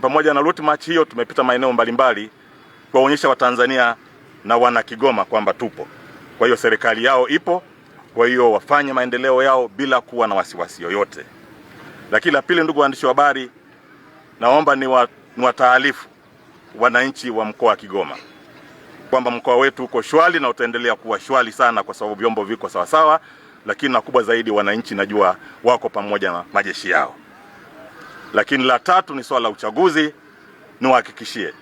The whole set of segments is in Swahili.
Pamoja na route march hiyo, tumepita maeneo mbalimbali kuwaonyesha Watanzania na wana Kigoma kwamba tupo. Kwa hiyo serikali yao ipo, kwa hiyo wafanye maendeleo yao bila kuwa na wasiwasi yoyote. Lakini la pili, ndugu waandishi wa habari, naomba ni wa wananchi wa mkoa wa Kigoma kwamba mkoa wetu uko shwari na utaendelea kuwa shwari sana, kwa sababu vyombo viko sawasawa, lakini na kubwa zaidi, wananchi najua wako pamoja na majeshi yao. Lakini la tatu ni swala la uchaguzi. Niwahakikishie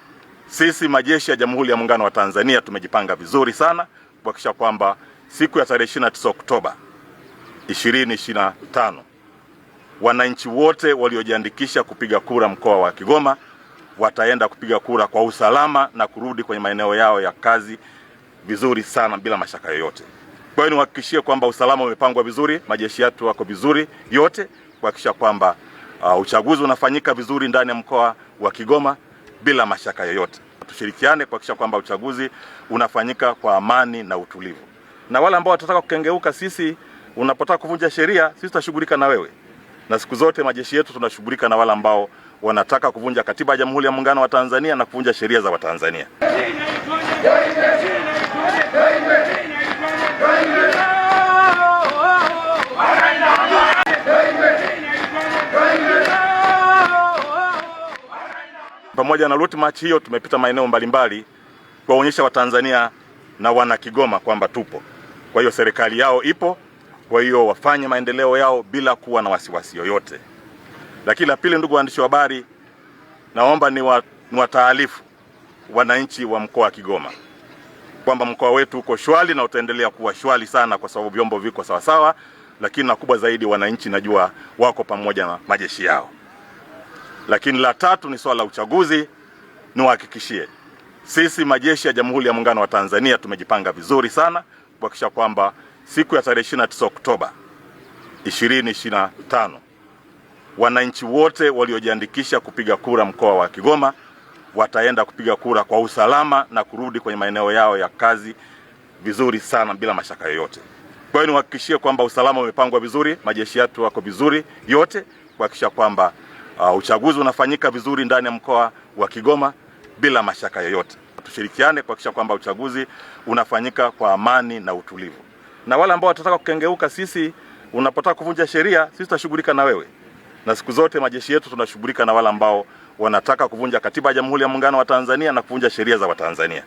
sisi majeshi ya Jamhuri ya Muungano wa Tanzania tumejipanga vizuri sana kuhakikisha kwamba siku ya tarehe 29 Oktoba 2025 wananchi wote waliojiandikisha kupiga kura mkoa wa Kigoma wataenda kupiga kura kwa usalama na kurudi kwenye maeneo yao ya kazi vizuri sana bila mashaka yoyote. Kwa hiyo niwahakikishie kwamba usalama umepangwa vizuri, majeshi yetu wako vizuri yote kuhakikisha kwamba uh, uchaguzi unafanyika vizuri ndani ya mkoa wa Kigoma bila mashaka yoyote. Tushirikiane kuhakikisha kwamba uchaguzi unafanyika kwa amani na utulivu, na wale ambao watataka kukengeuka, sisi unapotaka kuvunja sheria, sisi tutashughulika na wewe, na siku zote majeshi yetu tunashughulika na wale ambao wanataka kuvunja katiba ya Jamhuri ya Muungano wa Tanzania na kuvunja sheria za Watanzania. pamoja na route march hiyo tumepita maeneo mbalimbali kuwaonyesha Watanzania na wana Kigoma kwamba tupo. Kwa hiyo serikali yao ipo, kwa hiyo wafanye maendeleo yao bila kuwa na wasiwasi yoyote. Lakini la pili, ndugu waandishi wa habari, naomba ni wa, wataarifu wananchi wa mkoa wa Kigoma kwamba mkoa wetu uko shwari na utaendelea kuwa shwari sana, kwa sababu vyombo viko sawasawa, lakini na kubwa zaidi, wananchi najua wako pamoja na majeshi yao. Lakini la tatu ni swala la uchaguzi. Niwahakikishie sisi majeshi ya Jamhuri ya Muungano wa Tanzania tumejipanga vizuri sana kuhakikisha kwamba siku ya tarehe 29 Oktoba 2025 wananchi wote waliojiandikisha kupiga kura mkoa wa Kigoma wataenda kupiga kura kwa usalama na kurudi kwenye maeneo yao ya kazi vizuri sana bila mashaka yoyote. Kwa hiyo niwahakikishie kwamba usalama umepangwa vizuri, majeshi yetu wako vizuri yote kuhakikisha kwamba Uh, uchaguzi unafanyika vizuri ndani ya mkoa wa Kigoma bila mashaka yoyote. Tushirikiane kuhakikisha kwamba uchaguzi unafanyika kwa amani na utulivu, na wale ambao watataka kukengeuka, sisi unapotaka kuvunja sheria, sisi tutashughulika na wewe, na siku zote majeshi yetu tunashughulika na wale ambao wanataka kuvunja katiba ya Jamhuri ya Muungano wa Tanzania na kuvunja sheria za Watanzania.